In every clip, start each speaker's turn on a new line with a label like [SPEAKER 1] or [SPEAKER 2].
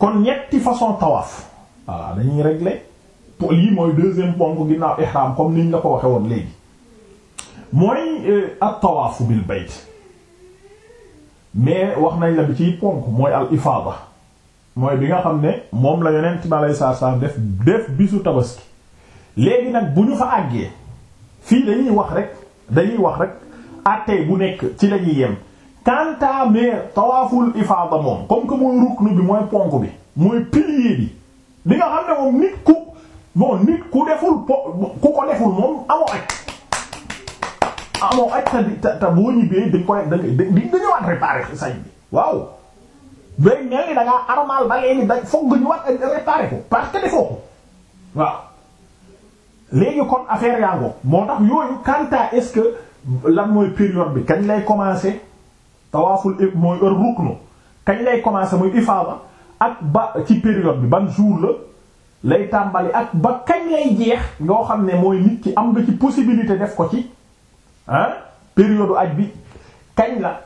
[SPEAKER 1] kon ñetti façon tawaaf waaw dañuy régler pour lii mooy deuxième ponk ginnaaw ihram comme niñ la ko waxee woon léegi mooy euh, at tawaafu bil bayt mais wax nañ la bi ciy ponk mooy al ifaada mooy bi nga xam ne moom la yonent bi alayhi salaatu salaam def def bisu tabaski léegi nag bu ñu fa àggee fii dañuy wax rek dañuy wax rek àttee bu nekk ci lañuy yem kanta mais tawaaful ifaada moom comme que mooy ruknu bi mooy ponk bi mooy pilier bi bi nga xam ne moom bi waaw day mel ni waaw léegi kon affaire yaa ngo moo tax yooyu kanta est-ce mooy période bi kañ lay commencer tawaaful mooy heure ruknu kañ lay commencer muy ifaada ak ba ci période bi ban jour la lay tàmbali ak ba kañ lay jeex yoo xam ne mooy nit ci am nga ci possibilité def ko ci ah période aj bi kañ la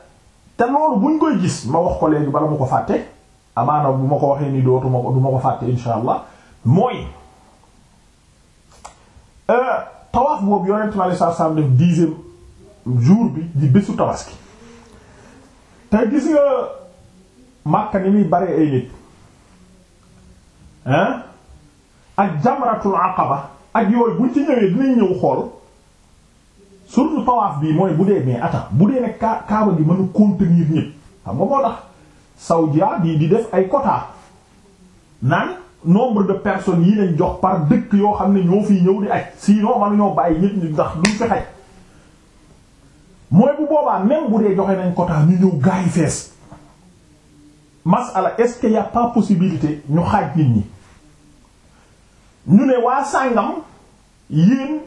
[SPEAKER 1] te loolu buñ koy gis ma wax ko léegi bala ma ko fàtte amaana bu ma ko waxee ni dootuma ko du ma ko fàtte insha allah mooy euh, tawaaf boobu yonent mi sallallahu alayhi wasallam def dixième jour bi di bésu tabaski te gis nga Makka ni muy bare ay nit hein ak jamratul aqaba ak yooyu buñ ci ñëwee dinañ ñëw xool surtout tawaaf bii mooy bu dee mais attends bu dee nag kaa kaaba gi mën a contenir ñëpp xam nga moo tax Saudia bi di def ay quota naan nombre de personnes yi lañ jox par dëkk yoo xam ne ñoo fiy ñëw di aj sinon mënuñoo bàyyi ñëpp ñu ndax duñ fi xaj mooy bu boobaa même bu dee joxe nañ quota ñu ñëw gaay fees masala est-ce a pas possibilité ñu xaaj nit ñi ñu ne waa sàngam yéen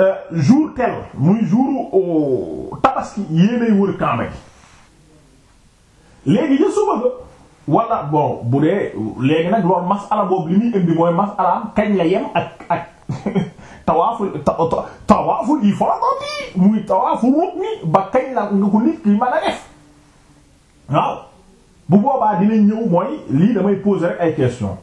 [SPEAKER 1] euh, jour tel muy jour tabaski yéenay wër kàmba gi léegi ya suba ga wala bon bu dee léegi nag loolu masala boobu li muy indi mooy masalaam kañ la yem ak ak tawaaful tawaaful ifaadati muy tawaaful rukni ba kañ la nga ko nit ki mën def waaw bu boobaa dinañ ñëw mooy lii damay poser rek ay question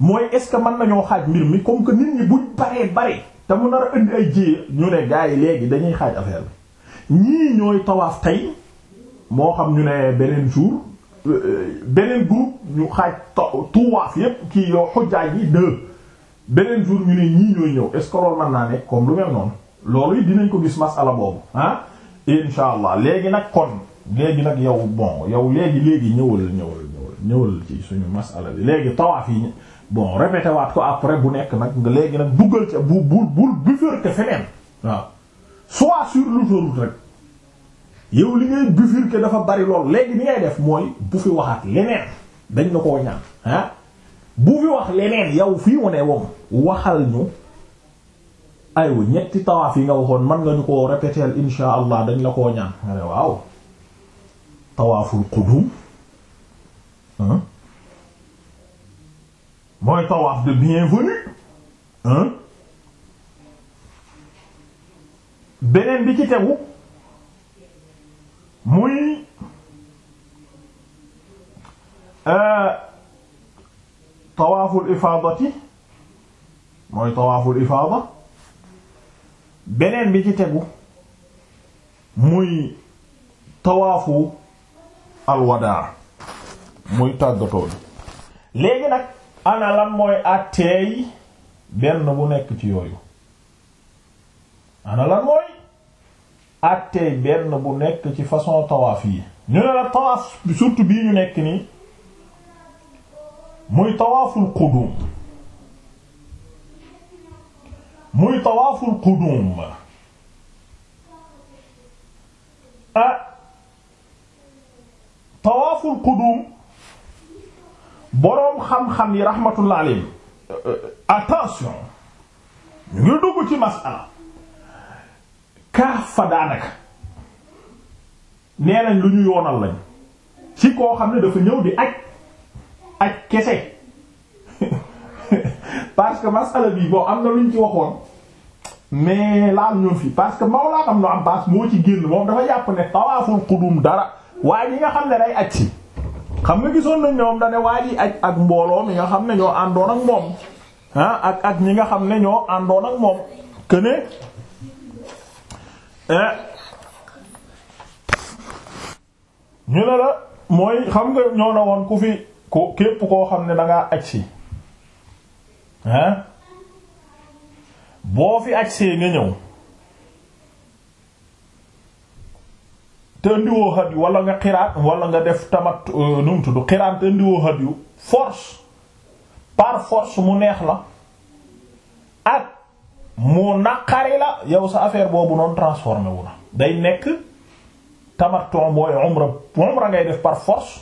[SPEAKER 1] mooy est-ce que mën nañoo xaaj mbir mi comme que nit ñi buñ baree bare te mu nar a ay jéye ñu ne gars yi léegi dañuy xaaj affaire ñii ñooy tawaaf tey moo xam ñu ne beneen jour euh, euh, beneen groupe ñu xaaj tawaaf yépp kii yoo xujjaaj yi deux beneen jour ñu ne ñii ñooy ñëw est ce que loolu mën naa nekk comme lu mel noonu loolu it dinañ ko gis mas masala boobu ah insha allah léegi nag kon léegi nag yow bon yow léegi léegi ñëwal ñëwal ñëwal ñëwal ci suñu masala bi léegi tawaaf yi bon répété ko après bu nekk nag léegi nag duggal ca bu bu bu bifurquer feneen waaw soit sur l'autoroute rek yow li ngay bifurquer dafa bari lool léegi li ngay def mooy bu fi waxaat leneen dañ la koo ñaan ah? bu fi wax leneen yow fii wone ne wom waxal ñu aywa ñetti tawaaf yi nga waxoon man nga ñu ko répéter insha allah dañ la ko ñaan nga ne waaw tawaaful qudum mooy tawaaf de bienvenue beneen bi ci tegu muy euh, tawaaful ifaadati mooy tawaaful ifaada beneen bi ci tegu muy tawaafu alwadaa muy tàggatoo bi léegi nag ana mooy àtteey benn bu nekk ci yooyu ana mooy àtteey benn bu nekk ci façon tawaaf yi ñu ne la tawaaf surtout bii ñu nekk nii muy tawaaful qudum muy tawaaful qudum ah tawaaful qudum boroom xam-xam yi rahmatullah alayhi attention ñu ngi dugg ci masala kaaf fa daanaka nee nañ lu ñu lañ ci koo xam ne dafa ñëw di ak ak kese parce que masala bii boo am na luñ ci waxoon mais laal ñun fi parce que Mawla am na Abbas moo ci génn moom dafa jàpp ne tawaaful qudum dara waaye ñi nga xam ne day aj si xam nga gisoon nañ da waa ji ak mbooloo mi nga xam ne ñoo àndoon ak moom ak ak ñi nga xam ne ñoo àndoon ak moom que eh, ñu ne la mooy xam nga ñoo na woon ku fi. ko képp koo xam ne dangaa agsi hein boo fi agsee nga ñëw te xat yu wala nga xiraat wala nga def tamat euh, nu mu tudd xiraat te xat yu force par force mu neex la ak mu naqari la yow sa affaire boobu noonu transformé wu na day nekk tamattu booy umra umra ngay def par force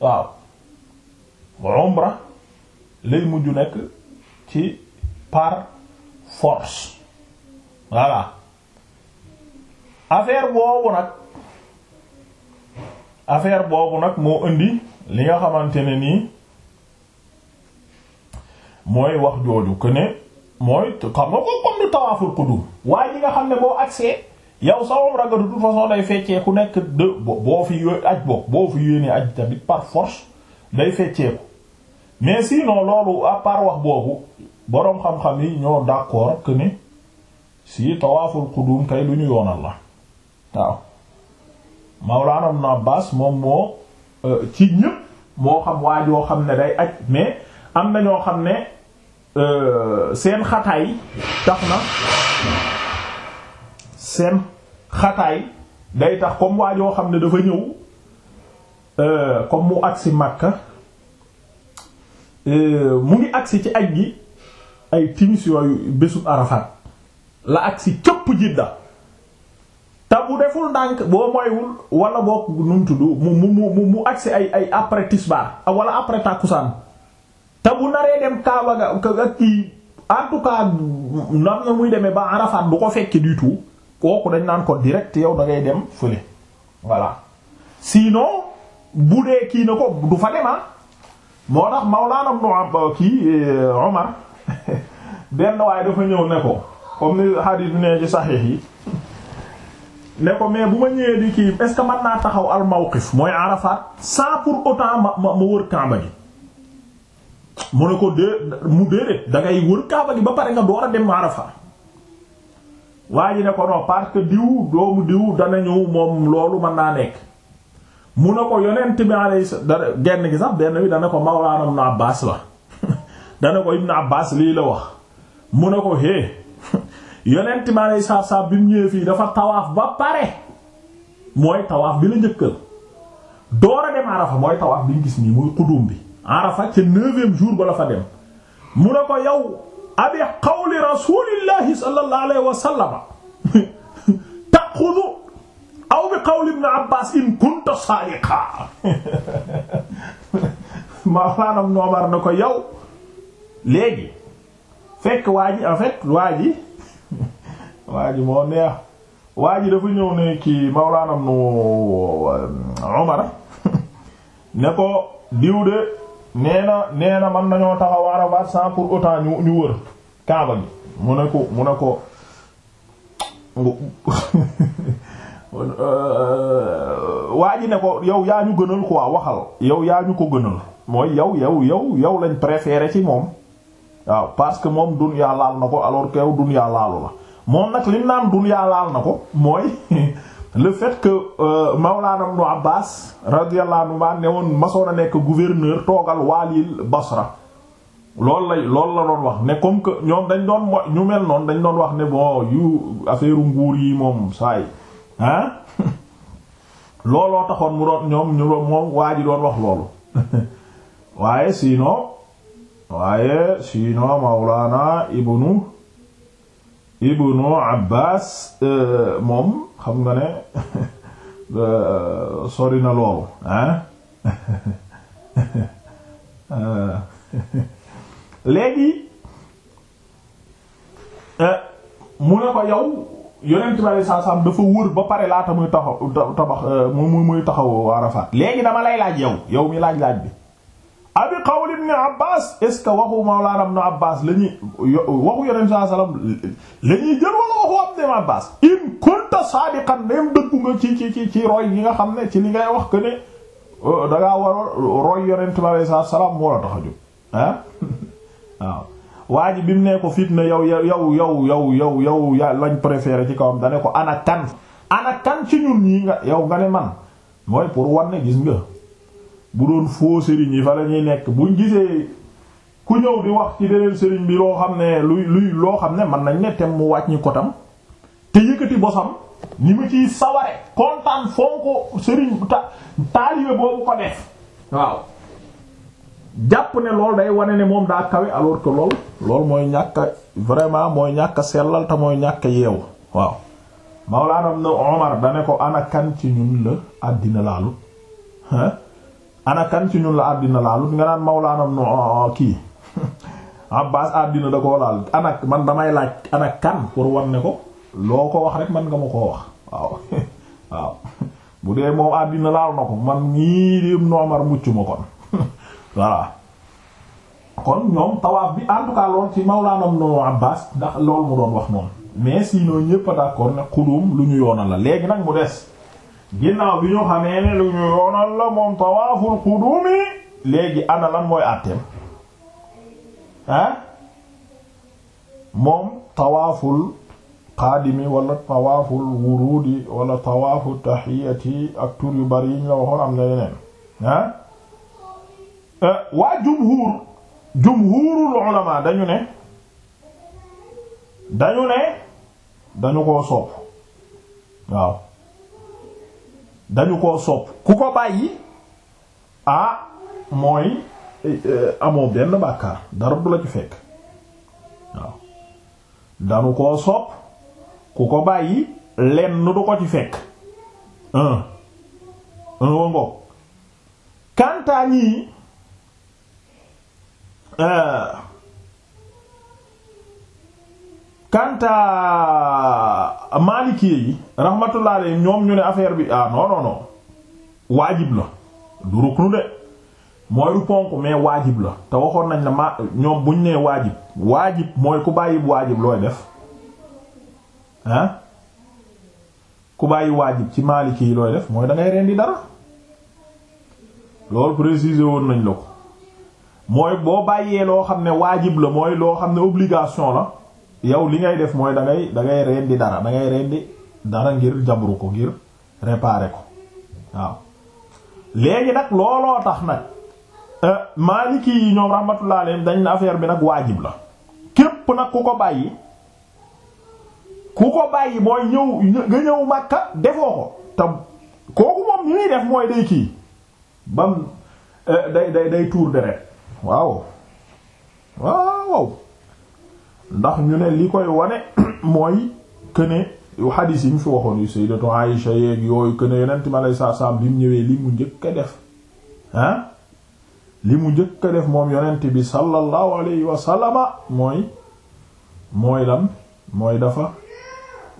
[SPEAKER 1] waaw umra lay mujj nekk ci par force voilà affaire boobu nag affaire boobu nag moo indi li nga xamante ne nii mooy wax jooju que ne mooy xam nga ko comme du tawaaful qudum waaye li nga xam ne boo accès yow sa umra de toute façon day feccee ku nekk de boo fi aj boo boo fi yéene aj tamit par force day fecceeku mais sinon loolu à part wax boobu boroom xam-xam yi ñoo d'accord que ni si tawaaful kay lu ñu yoonal la waaw Mawlana Ibn Abbas moom moo euh, ci ñëpp moo xam waa joo xam ne day aj mais am na ñoo xam ne euh, seen xataay tax na seen xataay day tax comme waa joo xam ne dafa ñëw euh, comme mu agsi Makka Euh, mu ngi agsi ci aj gi ay timis yooyu bésub Arafat la agsi cëpp Jidda te bu deful ndànk boo moywul wala boo nu mu tudd mu mu mu mu agsi ay ay après tisbaar ah, wala après tàkkusaan te bu naree dem Kaaba ga ak kii en tout cas na muy demee ba Arafat bu ko fekkee du tout kooku dañ naan ko direct yow da ngay dem fële voilà sinon bu dee kii na ko du fa dem ah. moo tax Mawlana ibn Abba kii eh, Omar benn waaye dafa ñëw ne ko comme ni hadith ne ci saxiix yi ne ko mais bu ma ñëwee di kii est ce que mën naa taxaw al mawqif mooy Arafat sans pour autant ma ma wër Kaaba gi mu ne ko dé mu déedéet da ngay wër Kaaba gi ba pare nga door a dem Arafat waa ji ne ko non parce que diw doomu diw danañu moom loolu mën naa nekk. mu ne ko yonent bi alayhi da genn gi sax benn bi dana ko mawlaana ibn Abbaas la dana ko ibn Abbaas lii la wax mu ne ko hé yonent bi alayhi salaam bi mu ñëwee fii dafa tawaaf ba pare mooy tawaaf bi la njëkkal door a dem Arafa mooy tawaaf bi ñu gis nii mooy bi Arafa ca neuvième jour ba la fa dem mu ne ko yow abi qawli rasuulillahi sallallahu alayhi wa aw bi qawli ibn Abbas in kunta sadiqa maanaam noomar na ko yow léegi fekk waa ji en fait waa ji waa ji moo neex waa ji dafa ñëw ne kii mawlaanam nu euh, Umar ne ko diw de nee na nee na mën nañoo taxaw Arafat sans pour autant ñu wër Kaaba mu ne ko mu ne ko Euh, waa ji ne ko yow yaa ñu gënal waa waxal yow yaa ñu ko gënal mooy yow yow yow yow lañ préféré ci moom waaw parce que moom dunyaa laal na ko alors que yow dunyaa laalu la moom nag li naan dunyaa laal na ko mooy le fait que euh, Mawlana Ibn Abbas radiyallahu anhu ma ne woon masoon a nekk gouverneur toogal waalil Basra loolu la loolu la doon wax ne comme que ñoom dañ doon ñu mel noon dañ doon wax ne bon yu affaire nguur yi moom saay ah looloo taxoon mu doon ñoom ñu doon moom waa doon wax loolu waaye sinon waaye sinon Mawlana ibnu ibnu Abbas euh, moom xam nga ne euh, sori na loolu ah euh, léegi mu ne ko yow yonent bi saa saam dafa wër ba pare laata muy taxaw tabax euh, muy muy taxaw Arafat léegi dama lay laaj yow yow mi laaj laaj bi abi qawl ibn Abbas est ce que waxu Mawlana ibn Abbas la ñuy waxu yonent saa saam la ñuy jël wala waxu ibn Abbas in kunta sadiqan dem dëggu nga ci ci ci roy yi nga xam ne ci li ngay wax que ne euh, da ngaa war a roy yonent bi saa saam moo la tax a jóg ah waaw. waa ji bi mu ne ko fitna yow yow yow yow yow yow ya lañ préféré ci kawam dane ko ana kan ana kan ci ñun ñii nga yow nga ne man mooy pour wanne gis nga bu doon foo sëriñ yi fa la nekk buñ gisee ku ñëw di wax ci beneen sëriñ bi loo xam ne luy luy loo xam ne man nañ ne tem mu wàññi kotam te yëkkati bosam ni mu ciy saware kontaan foo ko sëriñ ta taalibe boobu ko def waaw jàpp ne loolu day wane ne moom daa kawe alors que lool loolu mooy ñàkk vraiment mooy ñàkk sellal te mooy ñàkk yeewu waaw Mawlaana Ibn Umar dane ko ana kan ci ñun la àddina laalut ana kan ci ñun la àddina laalut nga naan Mawlaana Ibn ah, kii Abbaas àddina da koo laal ana man damay laaj ana kan pour wan ne ko loo ko wax rek man nga ma koo wax waaw waaw bu dee moom àddina laal na ko man ñii di Ibn Umar mucc ma kon voilà kon ñoom tawaaf bi en tout cas lool ci mawlaanam no Abbas ndax lool mu doon wax noonu mais sinon ñëpp a ne xudum lu ñu yoonal la léegi nag mu des ginnaaw bi ñu xamee ne lu ñu yoonal la moom tawaaful xudumi léegi ana lan mooy àtteem ah moom tawaaful xaadimi wala tawaaful wuruudi wala tawaafu taxiyati ak tur yu bari yi ñu la waxoon am na yeneen ah waa jumhuur jumhurul ulama dañu ne dañu ne dañu koo sopp waaw dañu koo sopp ku ko bàyyi ah mooy eh, eh, amoo benn bàkkaar dara du la ci fekk waaw dañu koo sopp ku ko bàyyi lenn du ko ci fekk un un wa ngoog kantaa ñii Euh, kanta Maliki yi rahmatullah ñoom ñu ne affaire bi ah non waajib la du ruknu de mooy du ponk mais waajib la te waxoon nañ la ma ñoom buñ nee waajib waajib mooy ku bàyyi waajib looy def ku bàyyi waajib ci Maliki yi looy def mooy da ngay rendi dara loolu préciser woon nañ la ko. mooy boo bàyyee loo xam ne waajib la mooy loo xam ne obligation la yow li ngay def mooy dangay dangay da ngay rendi dara dangay ngay rendi dara ngir jabru ko ngir réparer ko waaw léegi nag looloo tax nag euh, maaliki yi ñoom rahmatullah leen dañ na affaire bi nag waajib la képp nag ku ko bàyyi ku ko bàyyi mooy ñëw nga ñëw Makka defoo ko te kooku moom ñi muy def mooy day kii bam euh, day day day tuur deret waaw waaw ndax ñu ne li koy wane mooy këne yu xadiis yi mu fi waxoon yu sayyidatu Aïsha yeeg yooyu këne yonent ma lay saa saam bi mu ñëwee li mu njëkk a def ah li mu njëkk a def moom yonent bi sallallahu alayhi wa sallama mooy mooy lan mooy dafa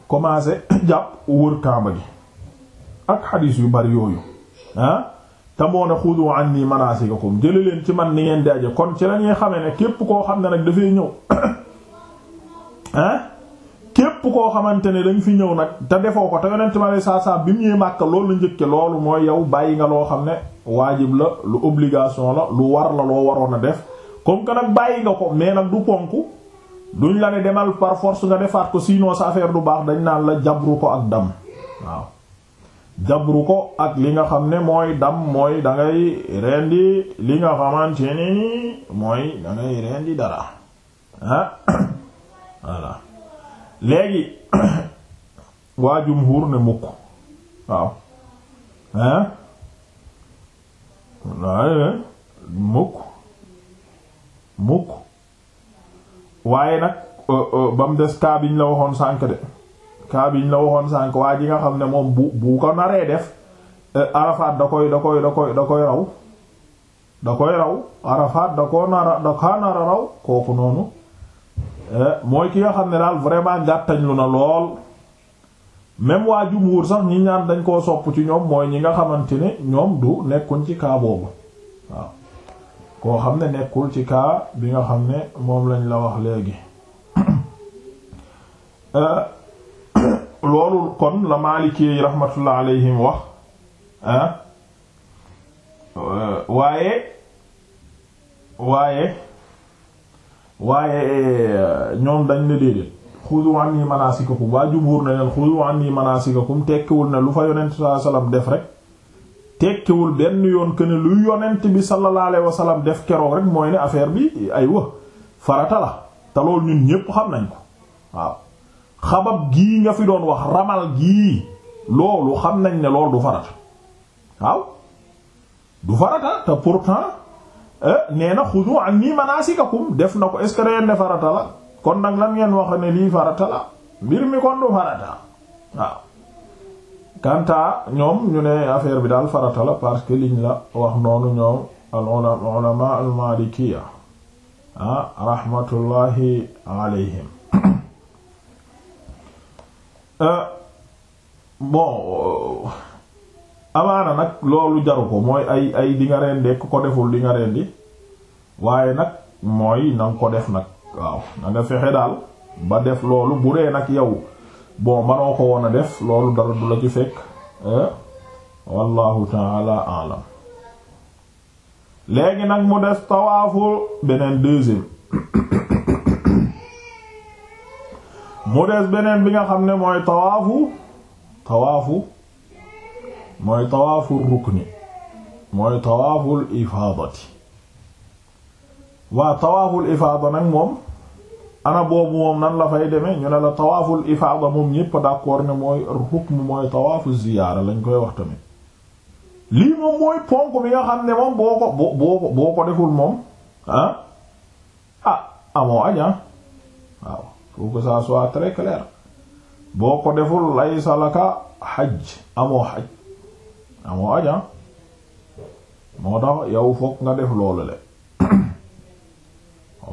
[SPEAKER 1] commencé jàpp wër kaaba gi ak xadiis yu bari yooyu ah te moo ne xudu anni ko jële leen ci man ni ngeen di aje kon ci la ñuy xamee ne képp koo xam ne nag dafay ñëw ah képp koo xamante ne dañ fi ñëw nag te defoo ko te yonent ma lay saa saa bi mu ñëwee Màkka loolu njëkke loolu mooy yow bàyyi nga loo xam ne waajib la lu obligation la lu war la loo waroon a def comme que nag bàyyi nga ko mais nag du ponk duñ la ne demal par force nga defaat ko sinon sa affaire du baax dañ naan la jabru ko ak dam jabru ko ak li nga xam ne mooy dam mooy da rendi li nga xamante ne ni mooy da ngay rendi dara ah voilà léegi waa jumhur ne mukk waaw ah waaye mukk mukk waaye nag euh, euh, ba mu des kaa biñ la waxoon sànk de kaa bi ñu la waxoon sànq waa ji nga xam ne moom bu bu ko naree def euh, Arafat da koy da koy da koy da koy raw da koy raw Arafat da koo nara da kaa nara raw kooku noonu euh, mooy ki nga xam ne daal vraiment gàttañ lu na lool même waa jumhur sax ñi ñaan dañ koo sopp ci ñoom mooy ñi nga xamante ne ñoom du nekkuñ ci cas boobu waaw koo xam ne nekkul ci cas bi nga xam ne moom lañ la wax léegi. Euh, loolu kon la Maliki yi rahmatullah alayhim wax ah, waaye waaye waaye ñoom dañ ne déedéet xudu anni manasikakum waa jumhur na leen xudu anni manasikakum tekkiwul ne lu fa yonent sallallahu alayhi wasallam def rek tekkiwul benn yoon que ne lu yonent bi sallallahu alayhi wasallam def keroog rek mooy ne affaire bi ay wa farata la te loolu ñun ñépp xam nañ ko waaw xabab gii nga fi doon wax ramal gii loolu xam nañ ne loolu du farata waaw du farata te pourtant eh, nee na xudu anni manasikakum def na ko est-ce que farata la kon nag lan ngeen wax ne lii farata la mbir mi kon du farata waaw kanta ñoom ñu ne affaire bi daal farata la parce que liñ la wax noonu ñoom al ulama al malikiya ah rahmatullahi Euh, bon euh, amaana nag loolu jaru ko mooy ay ay di nga rendi ku ko deful di rendi waaye nag mooy na nga ko def nag waaw na nga fexe daal ba def loolu bu dee nag yow bon manoo ko woon a def loolu dara du la ci fekk euh, wallahu taala alam léegi nag mu des tawaafu beneen deuxième mu des beneen bi nga xam ne mooy tawaafu tawaafu mooy tawaafu rukni mooy tawaaful ifaadati waa tawaaful ifaada nag moom ana boobu moom nan la fay demee ñu ne la tawaaful ifaada moom ñépp d'accord ne mooy rukn mooy tawaafu ziyaara lañ koy wax tamit lii moom mooy ponk bi nga xam ne moom boo ko boo ko boo ko deful moom ah, ah amoo aja faut que ça soit très clair boo ko deful lay salaka xaj amoo xaj amoo xaj ah. moo tax yow fokk nga def loolu le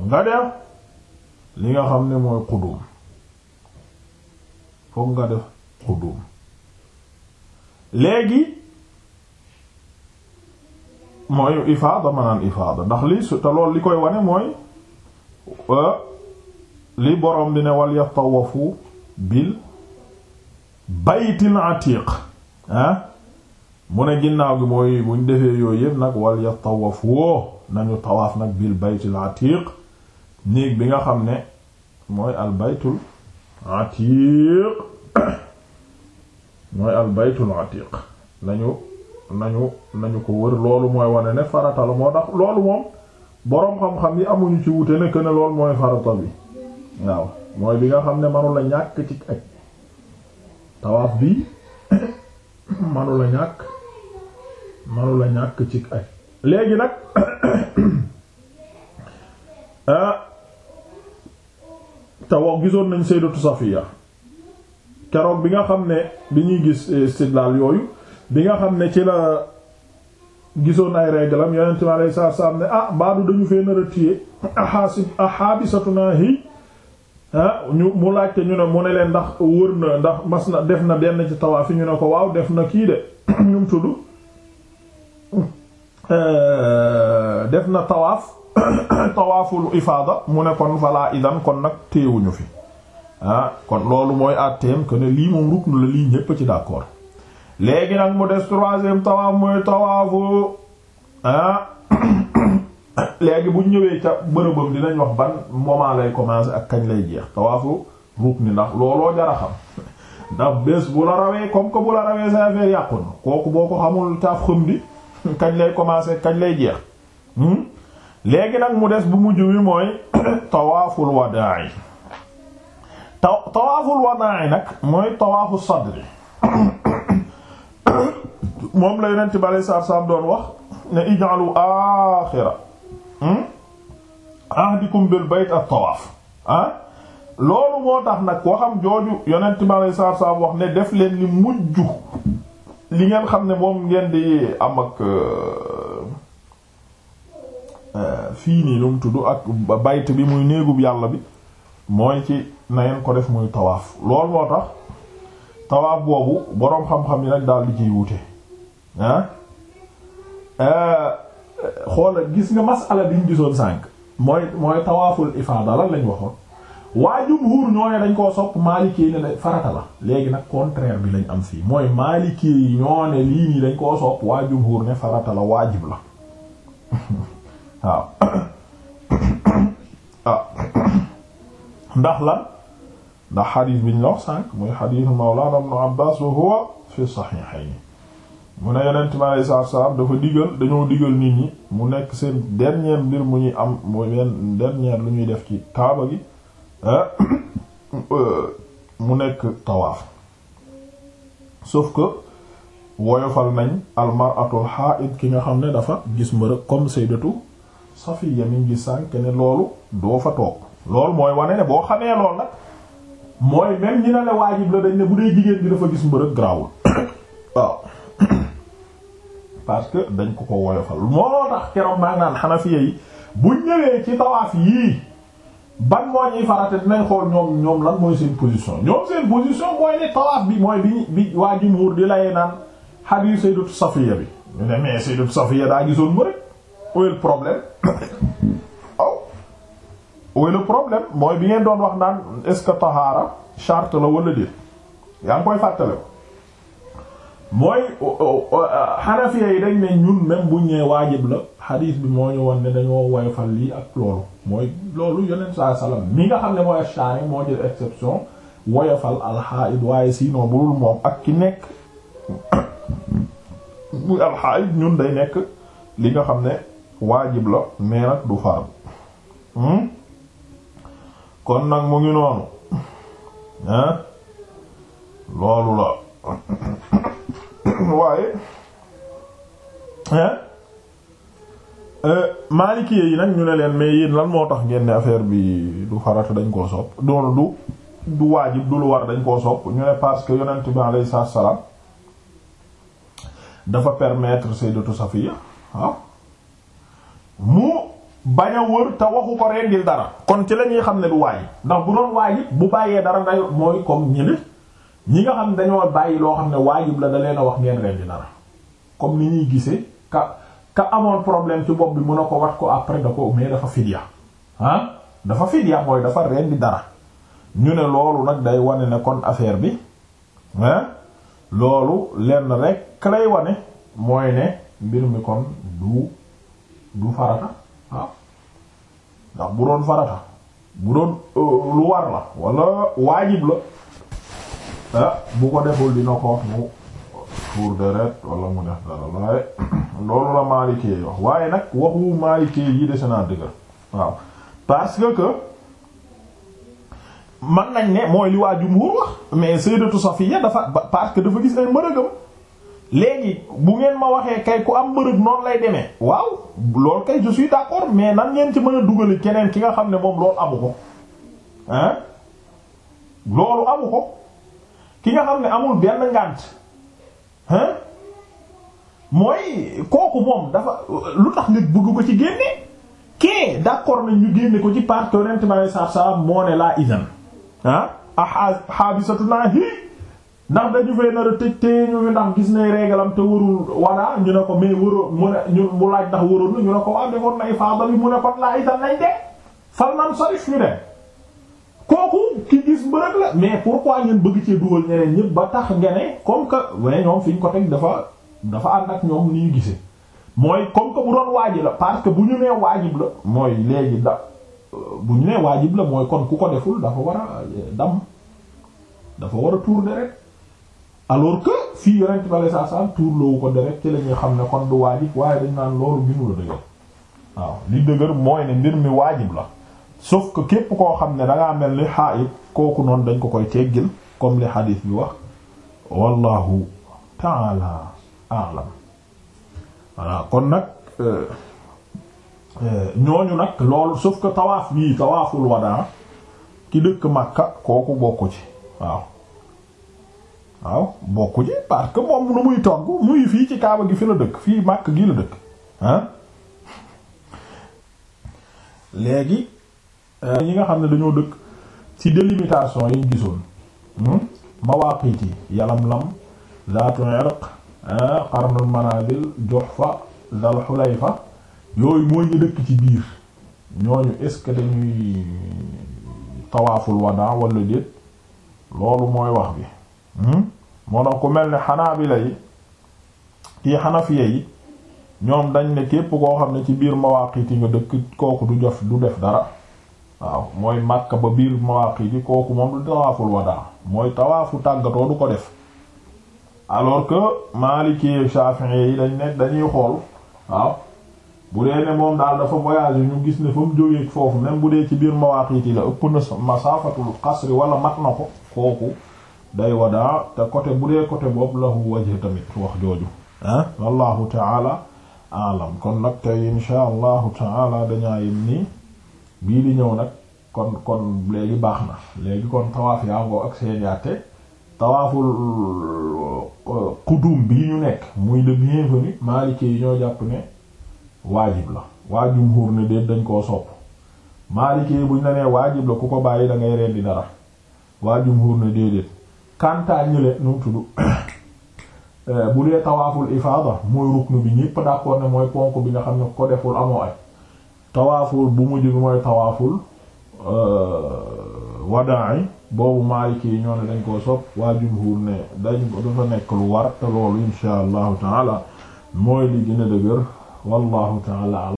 [SPEAKER 1] nga def li nga xam ne mooy xudum fokk nga def xudum léegi mooy ifaada manaan ifaada ndax li su te loolu li koy wane mooy euh, li borom bi ne wal yatawafu bil baytil atiq ah mu ne ginnaaw gi mooy buñ defee yooyu yëpp nag wal yatawafu nañu tawaaf nag bil baytil atiq néeg bi nga xam ne mooy al baytul atiq mooy al baytul atiq nañu nañu nañu ko wër loolu mooy wane ne farata la moo tax loolu moom boroom xam-xam yi amuñu ci wute ne ne loolu mooy farata bi waaw mooy bi nga xam ne manu la ñàkk ci aj tawaaf bi manu la ñàkk manu la ñàkk ci aj léegi nag ah, tawa gisoon nañ sayyidatu Safiya keroog bi nga xam ne bi ñuy gis eh, istidlal yooyu bi nga xam ne ci la gisoon ay réglam yonent mi alayhi salaatu salaam ne ah mbaadu dañu fee nar a téye ahaabisatuna hi Ah, ñu mu laajte ñu ne mu ne leen ndax wër na ndax mas na def na benn ci tawaaf fi ñu ne ko waaw def na kii de ñu mu tudd eh, def na tawaaf tawaaful ifaada mu ne kon falaa idan kon nag téewuñu fi ah kon loolu mooy àtteem que ne lii moom ruknu la lii ñépp ci d'accord léegi nag mu des troisième tawaaf mooy tawaafu ah léegi bu ñëwee ca bërëbam dinañ wax ban moment lay commencer ak kañ lay jeex tawaafu ruuk ni ndax looloo jar a xam ndax bés bu la rawee comme que bu la rawee sa affaire yàqu na kooku boo ko xamul taaf xam di kañ lay commencer kañ lay jeex hmm? léegi nag mu des bu mujj wi mooy tawaaful wadaa taw tawaaful wadaa nag mooy tawaafu sadri moom la yonent bi alayhi salaam doon wax ne ij'alu aaxira Hmm? ahdikum bil bayt at-tawaaf ah loolu moo tax nag waxam jooju yonent bi alayhi salaatu salaam wax ne def leen li mujj li ngeen xam ne moom ngeen di am ak euh, euh, fii nii lu mu tudd ak bayt bi muy néegub yàlla bi mooy ci na ko def muy tawaaf loolu moo tax tawaaf boobu boroom xam-xam yi nag daal di ciy wute ah? euh, xoolal gis nga masala bi ñu gisoon sànq mooy mooy tawaaful ifaada lan lañ waxoon waa jumhuur ñoo ne dañ koo sopp maalikee ne ne farata léegi nag contraire bi lañ am fii mooy maalikee yi ñoo ne lii nii dañ koo sopp waa jumhuur ne farata la waajib la waaw ah. ndax lan ndax xadiis bi ñu la wax sànq mooy xadiisu mawlaana ibnu wa huwa fi saxiixayni mu ne yonent bi alayhi salaatu dafa digal dañoo digal nit ñi mu nekk seen dernier mbir mu ñuy am mooy leen dernier lu ñuy def ci taaba gi mu nekk tawaaf sauf que woyofal nañ almaratul haid ki nga xam ne dafa gis mbërëg comme sayyidatu Safiya mi ngi sànk ne loolu doo fa toog loolu mooy wane ne boo xamee lool nag mooy même ñi ne la waajib la dañ ne bu dee jigéen bi dafa gis mbërëg grawul waaw parce que dañ ko ko woyofal moo tax keroog maa ngi naan xanafiya yi bu ñëwee ci tawaaf yii ban moo ñuy farate dinañ xool ñoom ñoom lan mooy seen position ñoom seen position mooy ne tawaaf bi mooy bi waa jumhuur di laye naan hadith sayyidatu Safiya bi ñu ne mais sayyidatu Safiya daa gisoon mu rek où est le problème aw oh. où problème mooy bi ngeen doon wax naan est-ce que tahaara charte la wala déet yaa ngi koy fàttale ko mooy xanafiya yi dañ ne ñun même buñ ñee waajib la xadiis bi moo ñu won ne dañoo woyofal lii ak loolu mooy loolu yonent saa salaam mi nga xam ne mooy shaari moo jël exception woyofal alxaid waaye sinon bu dul moom ak ki nekk muy alxaid ñun day nekk li nga xam ne waajib la mais nag du faam hmm? kon nag mu ngi noonu loolu la waaye euh, maaliki yi nag ñu ne leen mais yéen lan moo tax ngeen ne affaire bi du farata dañ koo sopp doonu du du waajib du lu war dañ koo sopp ñu ne parce que yonent bi alayhi salaam dafa permettre sayyidatu Safiya waaw ah, mu bañ te waxu ko rendil dara kon ci la xam ne du waajib ndax bu doon waajib bu bàyyee dara ngay mooy comme ñële ñi nga xam dañoo bàyyi loo xam ne waajib la da leen a wax ngeen ren di nar comme ni ñuy gisee ka ka amoon problème ci bopp bi mën a ko wax ko après da ko mais dafa fidya ah dafa fidya mooy dafa ren dara ñu ne loolu nag day wane ne kon affaire bi ah loolu lenn rek lay wane mooy ne mbir mi kon du du farata ndax bu doon farata bu doon euh, lu war la wala waajib la. Eh, bu ko deful dina ko wax mu tuur deret wala mu def dara waaye loolu la Maliki yi wax waaye nag waxu Maliki yi dese naa dëgër waaw parce que man nañ ne mooy li waa jumhur wax mais Sayyidatu Safiya dafa parce que dafa gis ay mbërëgam léegi bu ngeen ma waxee kay ku am mbërëg noonu lay demee waaw loolu kay je suis mais nan ngeen ci mën a dugali keneen ki nga xam ne moom loolu amu ko hein loolu amu ko ki nga xam ne amul benn ngànt hein mooy kooku moom dafa lu tax nit bëgg ko ci génne kee d'accord nañ ñu génne ko ci parce que yonent ma saaf saaf moo ne laa isan ah ah xaabisatu ah, naa hi ndax dañu fee nar a tëj te ñu ndax gis ne régalam te warul wala ñu ne ko mais waroo mu ñu mu laaj ndax waroon na ñu ne ko waa defoon na ifaada bi mu ne kon laa isan nañ de fal nan sarif ñu dem kooku ki gis mbërëg la mais pourquoi ngeen bëgg ci dugal ñeneen ñëpp ba tax nga ne comme que waaye ñoom fi ñu ko teg dafa dafa ànd ak ñoom ni ñu gisee mooy comme que bu doon waajib la parce que bu ñu nee waajib la mooy léegi da bu ñu nee la mooy kon ku ko deful dafa war a euh, dam dafa war a tuur deret alors que fii yonent bale saa saa tuur loowu ko deret ci la ñuy xam ne kon du waajib waaye dañ naan loolu ginu la dëgër waaw li dëgër mooy ne mbir mi waajib la sauf ko képp koo xam ne dangaa mel ni xaayib kooku noonu dañ ko koy teggil comme li xadiis bi wax wallahu taala aalam voilà kon nag euh, euh, ñooñu nag loolu sauf que tawaaf bii tawaaful wadaa ki dëkk Makka kooku bokku ci waaw waaw bokku ci parce moom nu muy togg muy fii ci Kaaba gi fi la dëkk fii Makka gi la dëkk ah léegi Euh, ñi nga xam ne dañoo dëkk ci délimitation yi ñu gisoon hmm? mawaqit yi Yalamlam Zaatu Irq eh, Qarnul Manazil Juhfa Zal yooyu mooy ñu dëkk ci biir ñooñu est-ce que dañuy tawaaful wadaa wala déet loolu mooy wax bi hmm? moo tax ku mel ni Hanaabila yi kii Hanafiya yi ñoom dañ ne képp koo xam ne ci biir mawaqit yi nga dëkk kooku du jof du def dara waaw mooy Makka ba biir Mawaqiti kooku moom du tawaaful wadaa mooy tawaafu tàggatoo du ko def alors que Maliki Shafi'i yi dañ nekk dañuy xool waaw bu dee ne moom daal dafa voyage ñu gis ne fa mu jógee foofu même bu dee ci biir Mawaqiti la ëpp na masafatul qasri wala mat na ko kooku day wadaa te côté bu dee côté boobu lahu wajh tamit wax jooju ah wallahu ta'ala a'lam kon nag tey insha allahu ta'ala dañaa yem nii bii di ñëw nag kon kon léegi baax na léegi kon tawaaf yaa ngoo ak seen yaate tawaaful xudum euh, bii ñu nekk muy le bienvenu maalikee yi ñoo jàpp ne waajib la waajum xuur ne déet dañ koo sopp maalikee yi buñ la nee waajib la ku ko bàyyi da ngay di dara waajum xuur ne déedéet kantaa ñële nu tudd euh, bu dee tawaaful ifaada mooy ruknu bi ñépp d'accord ne mooy ponk bi nga xam ne ko deful amoo ay tawaaful bu mujj bi mooy tawaaful euh, wadaa boobu Maliki yi ñoo ne dañ koo sopp waa jumhur ne dañ dafa nekk lu war te loolu insha allahu taala mooy li gën a dëgër wallahu taala